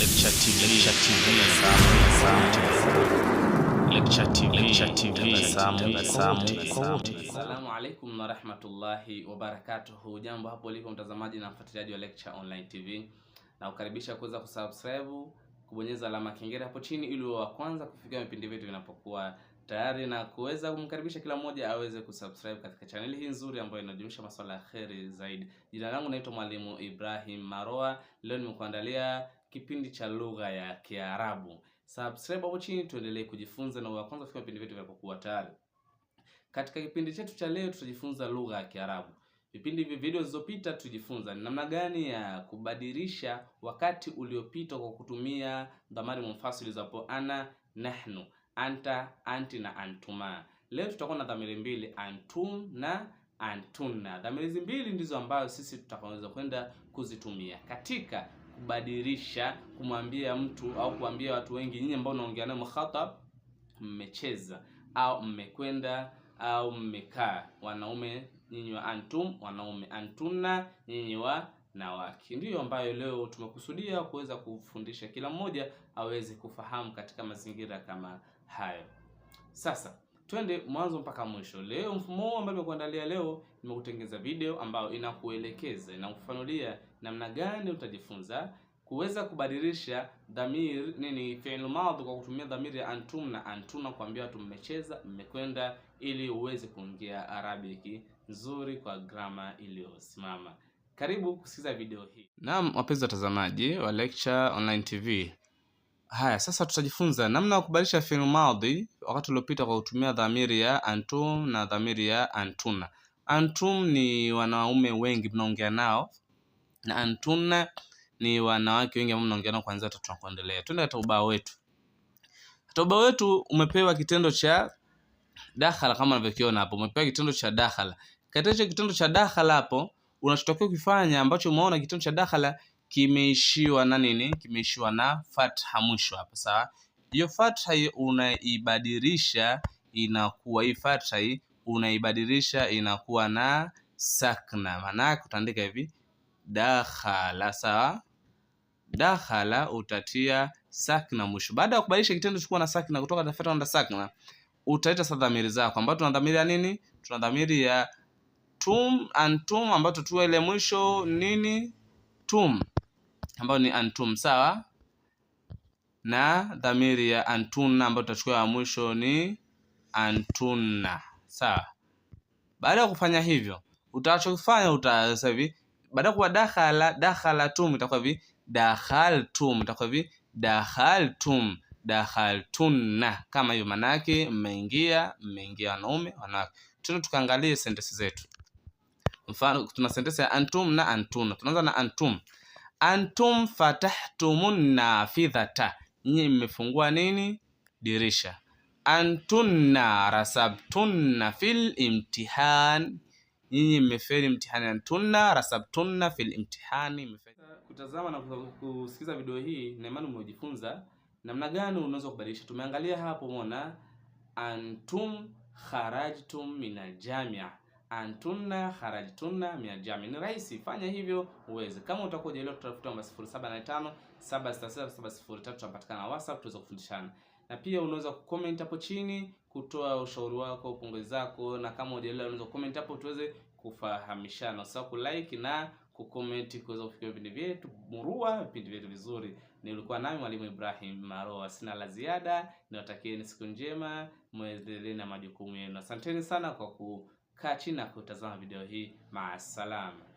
Lecture Assalamu alaikum warahmatullahi wabarakatuhu. Jambo hapo ulipo mtazamaji na mfuatiliaji wa Lecture Online TV, na kukaribisha kuweza kusubscribe, kubonyeza alama kengere hapo chini ili wa kwanza kufikia vipindi vyetu vinapokuwa tayari na kuweza kumkaribisha kila mmoja aweze kusubscribe katika chaneli hii nzuri ambayo inajumisha masuala ya kheri zaidi. Jina langu naitwa Mwalimu Ibrahim Maroa. Leo nimekuandalia kipindi cha lugha ya Kiarabu. Subscribe hapo chini tuendelee kujifunza na wa kwanza kufika vipindi vyetu vya Pakua Tayari. Katika kipindi chetu cha leo tutajifunza lugha ya Kiarabu. Vipindi hivi video zilizopita tujifunza ni namna gani ya kubadilisha wakati uliopita kwa kutumia dhamari munfasili zapo ana, nahnu, anta, anti na antuma. Leo tutakuwa na dhamiri mbili, antum na antuna. Dhamiri hizi mbili ndizo ambazo sisi tutaweza kwenda kuzitumia katika kubadilisha, kumwambia mtu au kuambia watu wengi, nyinyi ambao unaongea nao mkhatab, mmecheza au mmekwenda au mmekaa. Wanaume nyinyi wa antum, wanaume antuna, nyinyi wa na ndiyo ambayo leo tumekusudia kuweza kufundisha kila mmoja aweze kufahamu katika mazingira kama hayo. Sasa Twende mwanzo mpaka mwisho. Leo mfumo huu ambao nimekuandalia leo, nimekutengeneza video ambayo inakuelekeza inakufanulia namna gani utajifunza kuweza kubadilisha dhamir nini fi'il madhi kwa kutumia dhamiri ya antum na antuna, kuambia watu mmecheza, mmekwenda, ili uweze kuongea Arabic nzuri kwa grama iliyosimama. Karibu kusikiza video hii. Naam, wapenzi watazamaji wa Lecture Online TV. Haya, sasa tutajifunza namna ya kubadilisha fi'il madhi wakati uliopita kwa kutumia dhamiri ya antum na dhamiri ya antuna. Antum ni wanaume wengi mnaongea nao na antuna ni wanawake wengi ambao mnaongea nao kuanzia watatu na kuendelea. Twende katika ubao wetu. Katika ubao wetu umepewa kitendo cha dakhala, kama unavyokiona hapo, umepewa kitendo cha dakhala. Katika kitendo cha dakhala hapo unachotakiwa kufanya ambacho umeona kitendo cha dakhala kimeishiwa na nini? Kimeishiwa na fatha mwisho hapa, sawa. Hiyo fatha unaibadilisha inakuwa hii fatha hii unaibadilisha inakuwa na sakna, maanake utaandika hivi dakhala, sawa. Dakhala utatia sakna mwisho. Baada ya kubadilisha kitendo chukua na sakna kutoka fatha na sakna, utaita sasa dhamiri zako, ambayo tuna dhamiri ya nini? Tuna dhamiri ya tum antum, ambayo tutua ile mwisho nini tum ambayo ni antum, sawa na dhamiri ya antunna ambayo tutachukua ya mwisho ni antunna, sawa. Baada ya kufanya hivyo, utachofanya utasasa hivi, baada ya kuwa dakhala, dakhalatum itakuwa hivi dakhaltum, itakuwa hivi dakhaltum, dakhaltunna, kama hiyo. Maana yake mmeingia, mmeingia wanaume, wanawake. Tuna tukaangalie sentensi zetu, mfano tuna sentensi ya antum na antuna. Tunaanza na antum antum fatahtumun nafidhata, nyinyi mmefungua nini? Dirisha. Antunna rasabtunna fil imtihan, nyinyi mmefeli mtihani. Antunna rasabtunna fil imtihani. Kutazama na kusikiza video hii, na imani umejifunza namna gani unaweza kubadilisha. Tumeangalia hapo, umeona antum kharajtum minal jamia antunna kharajtunna miajamin jami. rahisi, fanya hivyo uweze. Kama utakuwa hujaliwa, tutafuta namba 0785 766 703, tunapatikana WhatsApp tuweze kufundishana, na pia unaweza kucomment hapo chini kutoa ushauri wako, pongezi zako, na kama hujaliwa, unaweza kucomment hapo tuweze kufahamishana. Usisahau kulike na kucomment kuweza kufikia vipindi vyetu murua, vipindi vyetu vizuri. Nilikuwa nami mwalimu Ibrahim Maroa, sina la ziada, niwatakieni siku njema, muendelee na majukumu yenu. Asanteni sana kwa ku kaa chini na kutazama video hii. Maasalama.